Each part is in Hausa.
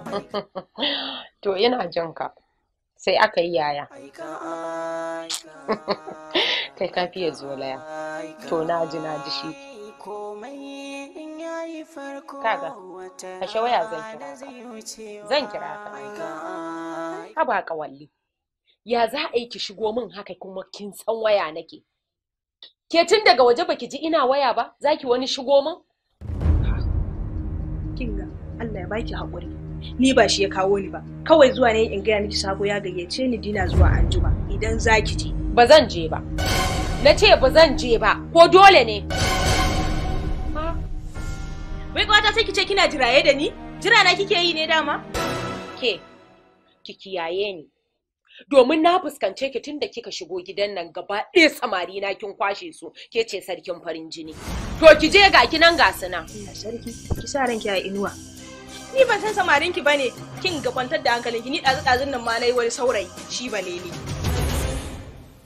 To ina jin ka. Sai aka yi yaya. Kai ka fiye zolaya. To na ji na ji shi. Kaga, kashe waya zan kira ka. Zan kira ka. Ka ba kawalli. Ya za a yi ki shigo min haka kuma kin san waya nake. Ke tun daga waje baki ji ina waya ba, za ki wani shigo min? Kinga, Allah ya baki haƙuri. ni ba shi ya kawo ni ba kawai zuwa ne in gaya miki sako ya gayyace ni dina zuwa anjuma idan za ki je ba zan je ba na ce ba zan je ba ko dole ne wai kwata sai ki ce kina jiraye da ni jira na kike yi ne dama ke ki kiyaye ni domin na fuskance ki tun da kika shigo gidan nan gaba ɗaya samari na kin kwashe su ke ce sarkin farin jini to ki je ga ki nan ga suna sarki ki sa ranki a inuwa ni ban san samarin ki bane kin ga kwantar da hankalin ki ni dazu dazun nan ma nayi wani saurayi shi balele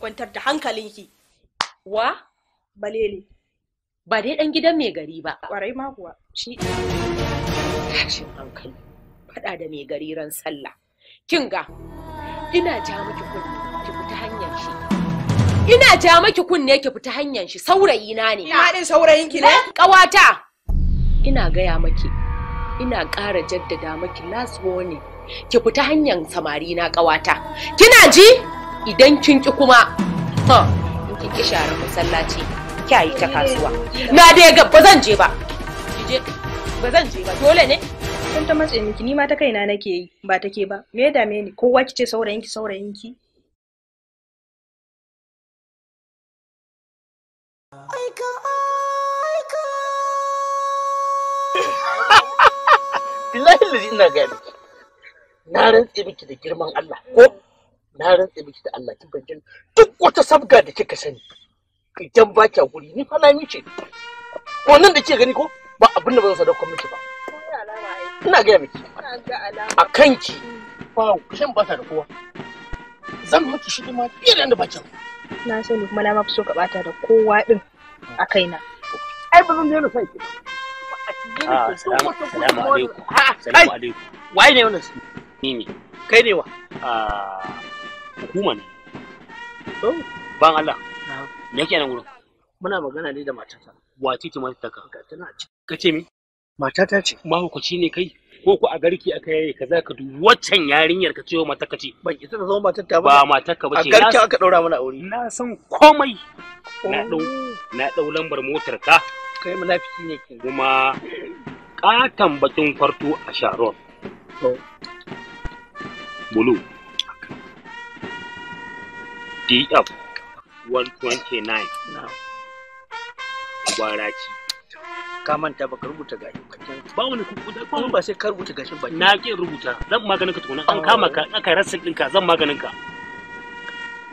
kwantar da hankalin ki wa balele ba dai dan gidan mai gari ba kwarai ma kuwa shi tashin hankali fada da mai gari ran sallah kin ga ina ja miki kunne ki fita hanyar shi ina ja miki kunne ki fita hanyar shi saurayi na ne ina din saurayin ki ne kawata ina gaya maki ina ƙara jaddada maki last warning ki fita hanyar samari na ƙawata kina ji idan kin ki kuma ha kin ki share masallaci kya yi ta kasuwa na dai ga ba zan je ba je ba zan je ba dole ne kun ta matse miki ni ma ta kaina nake yi ba take ba me ya dame ni kowa kice saurayin ki saurayin ki billahi lazi ina ga miki na rantse miki da girman Allah ko na rantse miki da Allah kin bakin duk wata sabga da kika sani idan ba kya guri ni fa na miki ko nan da kike gani ko ba abin da ba zan sadaukar miki ba ina ga miki a kanki ba shan ba ta da kowa zan miki shi ma fiye da yadda ba na sani kuma na ma fi so ka bata da kowa din a kaina ai ba zan daina son ki Wai ah, ne wannan su? Ni ne. Kai ne wa? Ah, hukuma ne. Ban Allah. Me yake nan gurin? Muna magana ne da matata. Wa titi matata ka? Ka ce me? Matata ce. Mahukaci ne kai? ko ku a garki aka yaye ka za ka dubi waccan yarinyar ka ce mata ka ce ban ita ta zama matar ta ba matar ba ce a garki aka daura mana aure na san komai na dau oh. na dau lambar motar ka kai munafiki ne ke kuma katan bakin kwarto a sharon bulu df 129 baraci ka manta baka rubuta gashin ba wani kuma ba sai ka rubuta gashin ba. na ki rubuta zan maganin ka tukuna an oh. kama ka aka rasin ɗinka zan maganin ka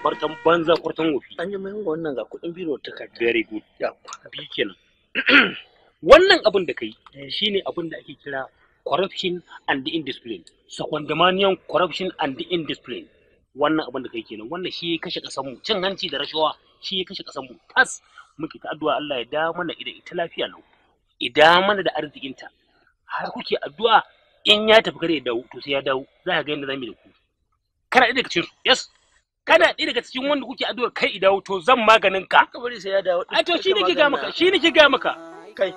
kwartan banza kwartan wofi an yi mai wannan ga kudin biro ta karta very good ya bi kenan wannan abin da kai eh, ne abin da ake kira corruption and indiscipline secondamanian corruption and indiscipline wannan abin da kai kenan wannan shi kashe kasanmu. mu cin hanci da rashawa shi kashe kasanmu. mu tas muke ta addu'a Allah ya da mana idan ita lafiya lau idan mana da arzikinta har kuke addu'a in ya tafi kare ya dawo to sai ya dawo za ka ga yadda zamu da ku kana da yes kana ɗaya daga cikin wanda kuke addu'a kai idawo to zan maganin ka kamar sai ya dawo a to shi ne ki ga maka shi ne ki ga maka kai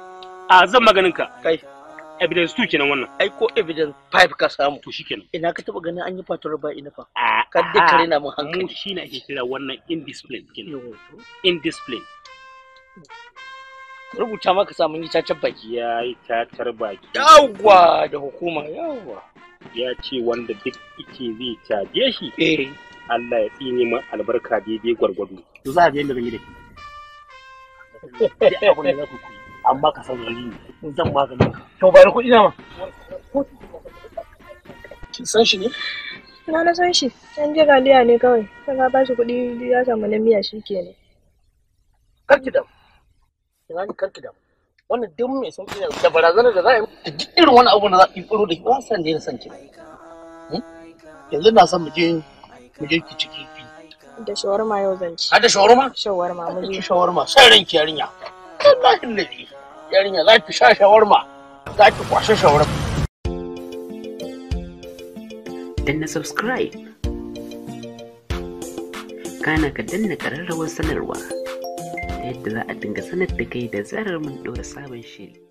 a zan maganin ka kai evidence 2 kenan wannan ai ko evidence 5 ka samu to shikenan ina ka taba ganin an yi fatura ba ina fa ka dai kare na mun hankali shi ne ake kira wannan indiscipline kenan indiscipline rubuta maka samun yi cacar baki ya yi cacar baki yawwa da hukuma yawwa ya ce wanda duk ike zai caje shi eh. Allah ya tsine min albarka daidai gwargwado to za a biyan da zan yi da ke da amma ka san zuri ne zan maganin ka to bari kuɗi na ma kin san shi ne na na san shi yan je galiya ne kawai sai ka bashi kuɗi ya samu na miya shi ke ne karki da ina ni karki da wannan duk mai san kina da barazanar da za a yi da duk irin wani abu da za a yi furo da shi ba san da ya san kina hmm? yanzu na san mu je Mu je ki ciki ki. Da shawarma yau zan ci. Har ah, da shawarma? Shawarma mu je. Shawarma sai ki yarinya. Wallahi nabi. Yarinya za ki sha shawarma. Za ki kwashe shawarma. na subscribe. Kana ka danna kararrawar sanarwa ta yadda za a dinga sanar da kai da zarar mun ɗora sabon shiri.